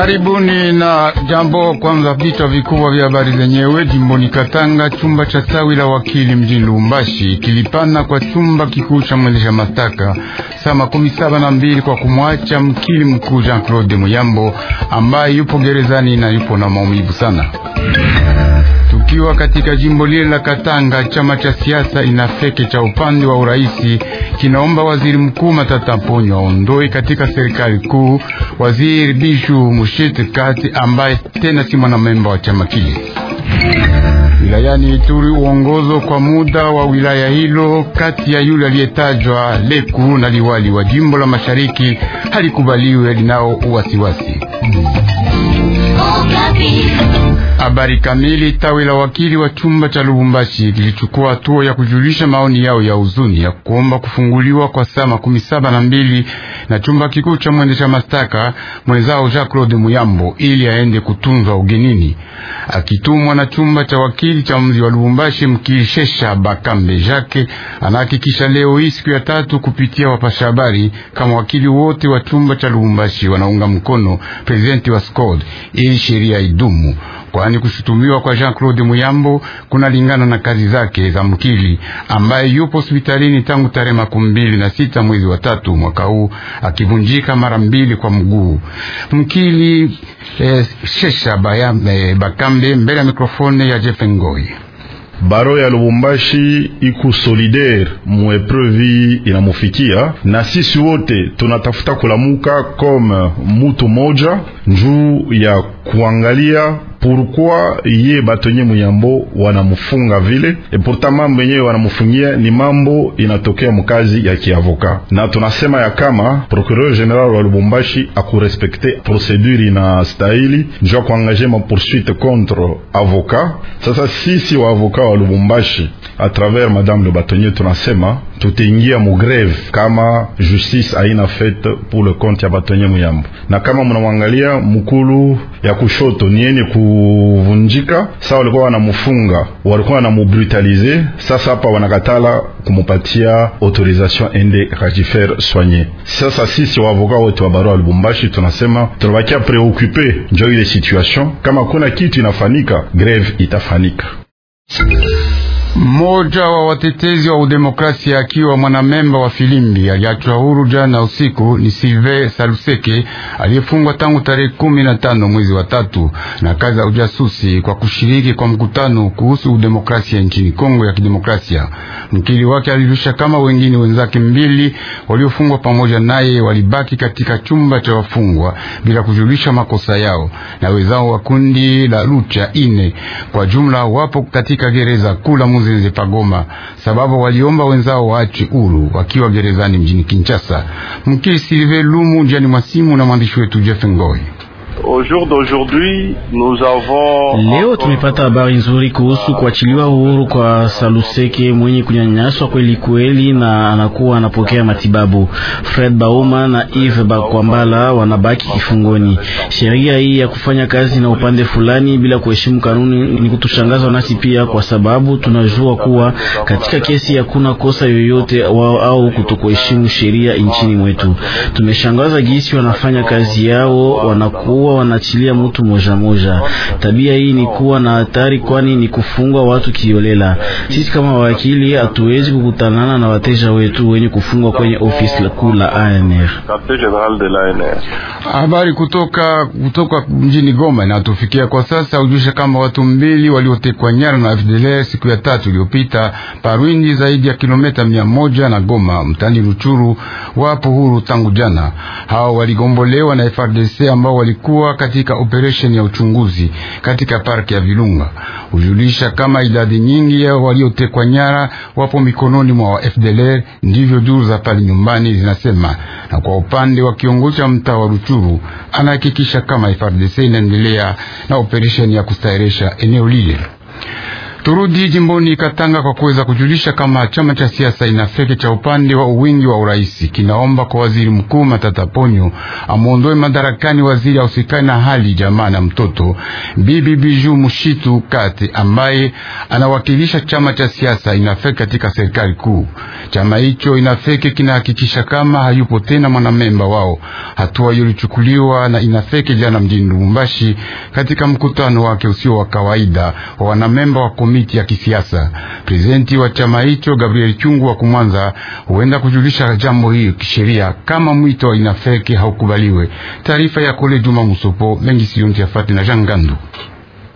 Karibuni na jambo. Kwanza vichwa vikubwa vya habari zenyewe. Jimboni Katanga, chumba cha tawi la wakili mjini Lubumbashi kilipana kwa chumba kikuu cha mwendesha mashtaka saa makumi saba na mbili kwa kumwacha mkili mkuu Jean Claude Muyambo ambaye yupo gerezani na yupo na maumivu sana kikiwa katika jimbo lile la Katanga, chama cha siasa inafeke cha upande wa uraisi kinaomba waziri mkuu Matata Ponyo aondoe katika serikali kuu waziri Bishu Mushite Kati ambaye tena si mwanamemba wa chama kile. Wilayani Ituri, uongozo kwa muda wa wilaya hilo kati ya yule aliyetajwa Leku na liwali wa jimbo la mashariki halikubaliwe, linao Oh, Habari kamili. Tawi la wakili wa chumba cha Lubumbashi lilichukua hatua ya kujulisha maoni yao ya huzuni ya kuomba kufunguliwa kwa saa makumi saba na mbili na chumba kikuu cha mwendesha mashtaka mwenzao Jean Claude Muyambo ili aende kutunzwa ugenini. Akitumwa na chumba cha wakili cha mji wa Lubumbashi, mkilishesha Bakambe Jake anahakikisha leo hii siku ya tatu kupitia wapasha habari kama wakili wote wa chumba cha Lubumbashi wanaunga mkono prezidenti wa SCOD ili sheria idumu kwani kushutumiwa kwa Jean-Claude Muyambo kunalingana na kazi zake za mkili ambaye yupo hospitalini tangu tarehe makumi mbili na sita mwezi wa tatu mwaka huu akivunjika mara mbili kwa mguu. Mkili eh, Shesha baya, eh, Bakambe mbele ya mikrofone ya Jeff Ngoi. Baro ya Lubumbashi iku solidaire muepreuvi inamufikia, na sisi wote tunatafuta kulamuka kome mutu moja njuu ya kuangalia pourquoi ye batonye muyambo wanamufunga vile e, pourtant mambo yenyewe wanamufungia ni mambo inatokea mukazi ya kiavoka, na tunasema ya kama procureur general wa Lubumbashi akurespekte procedure stahili njua kuangaje ma poursuite contre avoka. Sasa sisi wa avoka wa Lubumbashi à travers Madame le bâtonnier tunasema tutaingia kama justice été fête pour le compte ya bâtonnier train na kama wangalia, mkulu ya kushoto ni kuvunjika. walikuwa wanamfunga, walikuwa sasa hapa wanakatala kumopatia autorisation ende Sasa sisi wa barua Bumbashi tunasema préoccupé joye les situation, kama kuna kitu inafanika greve itafanika. Mmoja wa watetezi wa udemokrasia akiwa mwanamemba wa filimbi aliachwa huru jana usiku ni Silve Saluseke aliyefungwa tangu tarehe kumi na tano mwezi wa tatu na kazi za ujasusi kwa kushiriki kwa mkutano kuhusu udemokrasia nchini Kongo ya Kidemokrasia. Mkili wake alijulisha kama wengine wenzake mbili waliofungwa pamoja naye walibaki katika chumba cha wafungwa bila kujulisha makosa yao, na wenzao wa kundi la Lucha ine kwa jumla wapo katika gereza kula Munzenze pagoma, sababu waliomba wenzao waache uru wakiwa gerezani mjini Kinshasa. Mkili Silve Lumu, njiani mwa simu na mwandishi wetu Jeff Ngoi. Leo tumepata habari nzuri kuhusu kuachiliwa uhuru kwa Saluseke mwenye kunyanyaswa kweli kweli, na anakuwa anapokea matibabu. Fred Bauma na Eve Bakwambala wanabaki kifungoni. Sheria hii ya kufanya kazi na upande fulani bila kuheshimu kanuni ni kutushangazwa nasi pia, kwa sababu tunajua kuwa katika kesi hakuna kosa yoyote wao au kutokuheshimu sheria nchini mwetu. Tumeshangaza gisi wanafanya kazi yao wanakuwa kuwa wanachilia mtu moja moja. Tabia hii ni kuwa na hatari, kwani ni kufungwa watu kiolela. Sisi kama wakili hatuwezi kukutanana na wateja wetu wenye kufungwa kwenye ofisi kuu la ANR. Habari kutoka kutoka mjini Goma inatufikia kwa sasa, ujusha kama watu mbili waliotekwa nyara na FDLR siku ya tatu iliyopita Parwindi, zaidi ya kilomita mia moja na Goma mtani Ruchuru, wapo huru tangu jana. Hao waligombolewa na frdc ambao walikuwa kuwa katika operesheni ya uchunguzi katika parki ya Virunga. Hujulisha kama idadi nyingi ya waliotekwa nyara wapo mikononi mwa wa FDLR, ndivyo duru za pale nyumbani zinasema. Na kwa upande wa kiongozi cha mtaa wa Ruchuru anahakikisha kama FARDC inaendelea na operesheni ya kustahirisha eneo lile. Turudi jimboni Katanga kwa kuweza kujulisha kama chama cha siasa Inafeke cha upande wa uwingi wa uraisi kinaomba kwa waziri mkuu Matata Ponyo amwondoe madarakani waziri ausikani na hali jamaa na mtoto Bibi Biju Mushitu Kate ambaye anawakilisha chama cha siasa Inafeke katika serikali kuu. Chama hicho Inafeke kinahakikisha kama hayupo tena mwanamemba wao. Hatua yolichukuliwa na Inafeke jana mjini Lubumbashi katika mkutano wake usio wa kawaida wa wanamemba wa komiti ya kisiasa. Prezidenti wa chama hicho Gabriel Chungu wa Kumwanza huenda kujulisha jambo hiyo kisheria kama mwito wa inafeki haukubaliwe. Taarifa ya Kole Juma Musopo mengi siyonti yafate na Jangandu.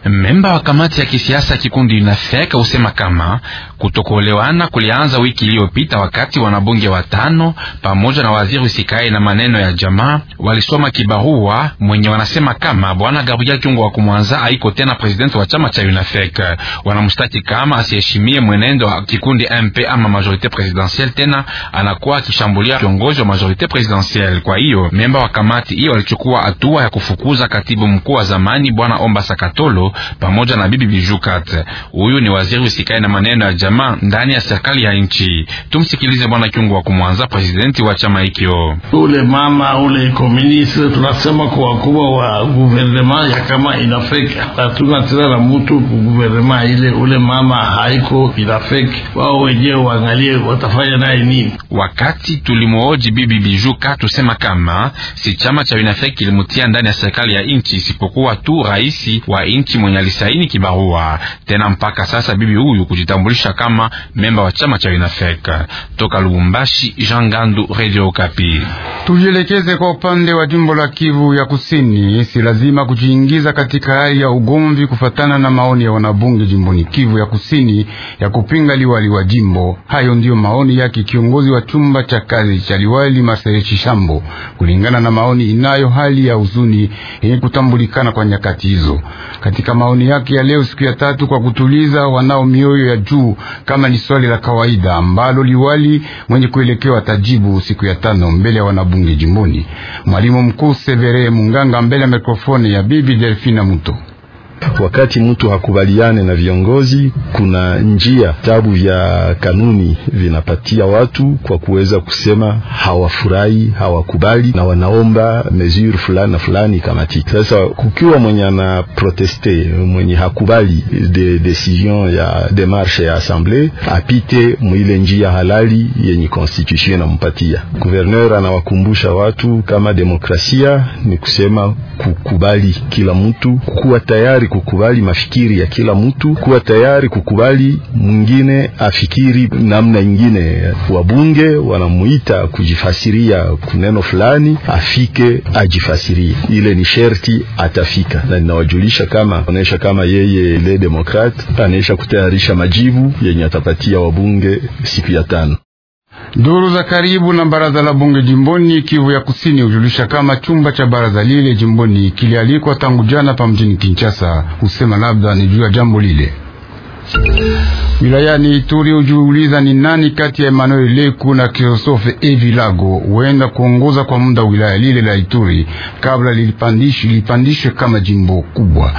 Memba wa kamati ya kisiasa kikundi UNAFEC usema kama kutokuelewana kulianza wiki iliyopita, wakati wanabunge watano pamoja na waziri usikae na maneno ya jamaa walisoma kibarua mwenye wanasema kama bwana Gabriel Kyungu wa kumwanza aiko tena presidenti wa chama cha UNAFEC. Wanamshtaki kama asiheshimie mwenendo wa kikundi MP ama majorite presidentielle, tena anakuwa akishambulia kiongozi wa majorite presidentielle. Kwa hiyo memba wa kamati hiyo walichukua hatua ya kufukuza katibu mkuu wa zamani bwana Omba Sakatolo pamoja na bibi Bijukat. Huyu ni waziri usikae na maneno ya jamaa ndani ya serikali ya nchi. Tumsikilize bwana Kiungu wa kumwanza, presidenti wa chama hikyo. Ule mama ule koministre, tunasema kwa wakubwa wa guvernema ya kama inafeki, hatuna tena na mutu kuguvernema ile. Ule mama haiko inafeki, wao wenyewe waangalie watafanya naye nini. Wakati tulimwoji bibi Bijuka tusema kama si chama cha inafeki kilimutia ndani ya serikali ya nchi isipokuwa tu raisi wa nchi mwenye alisaini kibarua tena mpaka sasa bibi huyu kujitambulisha kama memba wa chama cha UNAFEC. Toka Lubumbashi, Jean Gandu, Radio Okapi. Tujielekeze kwa upande wa jimbo la Kivu ya Kusini. Si lazima kujiingiza katika hali ya ugomvi kufatana na maoni ya wanabunge jimboni Kivu ya Kusini ya kupinga liwali wa jimbo. Hayo ndiyo maoni yake kiongozi wa chumba cha kazi cha liwali Marcel Chishambo, kulingana na maoni inayo hali ya huzuni yenye kutambulikana kwa nyakati hizo katika maoni yake ya leo siku ya tatu kwa kutuliza wanao mioyo ya juu, kama ni swali la kawaida ambalo liwali mwenye kuelekewa tajibu siku ya tano mbele ya wanabunge jimboni. Mwalimu mkuu Severe Munganga mbele ya mikrofoni ya bibi Delfina Muto. Wakati mtu hakubaliane na viongozi, kuna njia tabu vya kanuni vinapatia watu kwa kuweza kusema hawafurahi, hawakubali na wanaomba mesure fulani na fulani ikamati. Sasa kukiwa mwenye ana proteste, mwenye hakubali de decision ya demarshe ya assemble, apite mwile njia halali yenye constitution inampatia. Gouverneur anawakumbusha watu kama demokrasia ni kusema kukubali kila mtu, kuwa tayari tayari kukubali mafikiri ya kila mtu, kuwa tayari kukubali mwingine afikiri namna ingine. Wabunge wanamuita kujifasiria kuneno fulani, afike ajifasirie, ile ni sherti atafika, na ninawajulisha kama anaisha kama yeye le demokrat anaisha kutayarisha majibu yenye atapatia wabunge siku ya tano. Duru za karibu na baraza la bunge jimboni Kivu ya Kusini hujulisha kama chumba cha baraza lile jimboni kilialikwa tangu jana pa mjini Kinshasa, husema labda ni juu ya jambo lile. Wilayani Ituri hujiuliza ni nani kati ya Emmanuel Leku na Kristofe Evilago huenda kuongoza kwa muda wilaya lile la Ituri kabla lilipandishwe kama jimbo kubwa.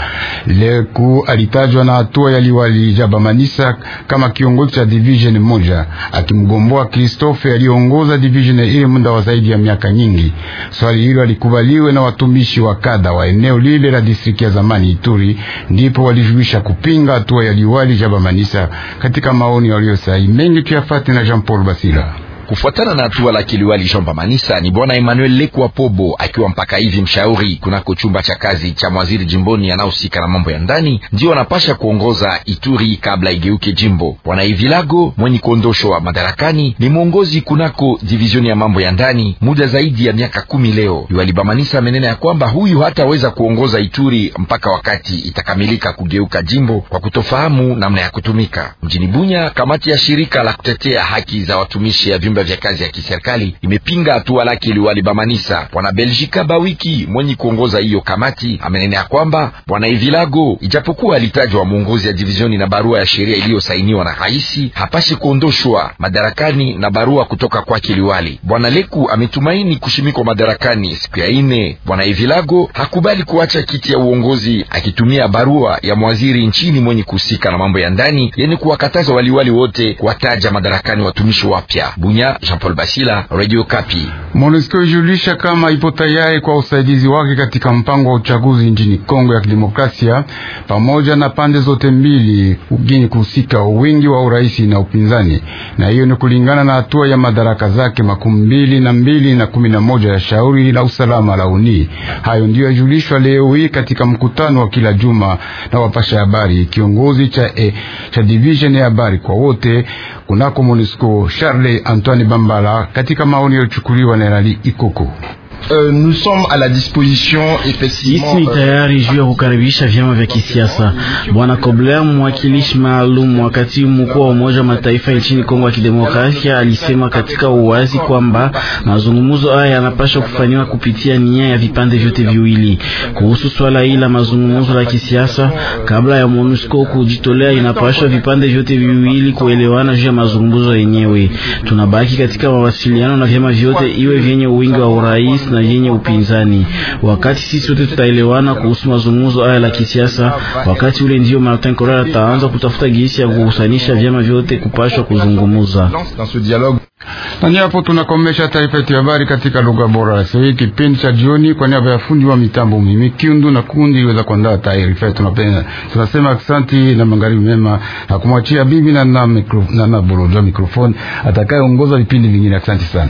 Leku alitajwa na hatua ya liwali Jabamanisa kama kiongozi cha division moja akimgomboa Kristofe aliongoza division ile muda wa zaidi ya miaka nyingi. Swali hilo alikubaliwe na watumishi wa kada wa eneo lile la distriki ya zamani Ituri, ndipo walijuisha kupinga hatua ya liwali Jabamanisa katika maoni waliosai mengi tuyafate na Jean Paul Basila. Kufuatana na hatua la kiliwali Jean bamanisa ni bwana Emmanuel Lekwa Pobo akiwa mpaka hivi mshauri kunako chumba cha kazi cha mwaziri jimboni anaohusika na mambo ya ndani, ndio anapasha kuongoza Ituri kabla igeuke jimbo. Bwana ivilago mwenye kuondoshwa madarakani ni mwongozi kunako divizioni ya mambo ya ndani muda zaidi ya miaka kumi. Leo liwali Bamanisa amenena ya kwamba huyu hataweza kuongoza Ituri mpaka wakati itakamilika kugeuka jimbo kwa kutofahamu namna ya kutumika mjini Bunya. Kamati ya shirika la kutetea haki za watumishi ya vyumba vya kazi ya kiserikali imepinga hatua lake liwalibamanisa. Bwana Belgika Bawiki mwenye kuongoza hiyo kamati amenenea kwamba bwana Ivilago, ijapokuwa alitajwa mwongozi ya divizioni na barua ya sheria iliyosainiwa na raisi, hapashi kuondoshwa madarakani na barua kutoka kwake liwali. Bwana Leku ametumaini kushimikwa madarakani siku ya ine. Bwana Evilago hakubali kuacha kiti ya uongozi akitumia barua ya mwaziri nchini mwenye kuhusika na mambo ya ndani yenye kuwakataza waliwali wote kuwataja madarakani watumishi wapya. Bunia, Jean Paul Basila, Radio Kapi. Monesco ijulisha kama ipo tayari kwa usaidizi wake katika mpango wa uchaguzi nchini Kongo ya Kidemokrasia, pamoja na pande zote mbili ugini kuhusika wingi wa uraisi na upinzani, na hiyo ni kulingana na hatua ya madaraka zake makumi mbili na mbili na kumi na moja ya shauri la usalama la UNI. Hayo ndiyo yajulishwa leo hii katika mkutano wa kila juma na wapasha habari, kiongozi cha, e, cha division ya habari kwa wote kunako Monesco Charles Antoine Antoine Bambala katika maoni yalichukuliwa na Elali Ikoko. Euh, nous sommes à la disposition effectivement. Sisi ni euh, tayari juu ya kukaribisha vyama vya kisiasa. Bwana Kobler, mwakilishi maalum wa katibu mkuu wa Umoja wa Mataifa nchini Kongo ya Kidemokrasia, alisema katika uwazi kwamba mazungumzo haya yanapaswa kufanywa kupitia nia ya vipande vyote viwili. Euh, Kuhusu swala hili la mazungumzo la kisiasa, kabla ya MONUSCO kujitolea, inapaswa vipande vyote viwili kuelewana juu ya mazungumzo yenyewe. Tunabaki katika mawasiliano na vyama vyote, iwe vyenye wingi wa urais na yenye upinzani. Wakati sisi sote tutaelewana kuhusu mazungumzo haya la kisiasa, wakati ule ndio Martin Corral ataanza kutafuta gisi ya kuhusanisha vyama vyote kupashwa kuzungumza. Na ni hapo tunakomesha taarifa yetu ya habari katika lugha bora ya Kiswahili kipindi cha jioni. Kwa niaba ya fundi wa mitambo mimi Kiundu na kundi iweza kuandaa taarifa, tunapenda tunasema asante na magharibi mema, na kumwachia bibi na na, na, na, na, na, mikrofoni atakayeongoza vipindi vingine. Asante sana.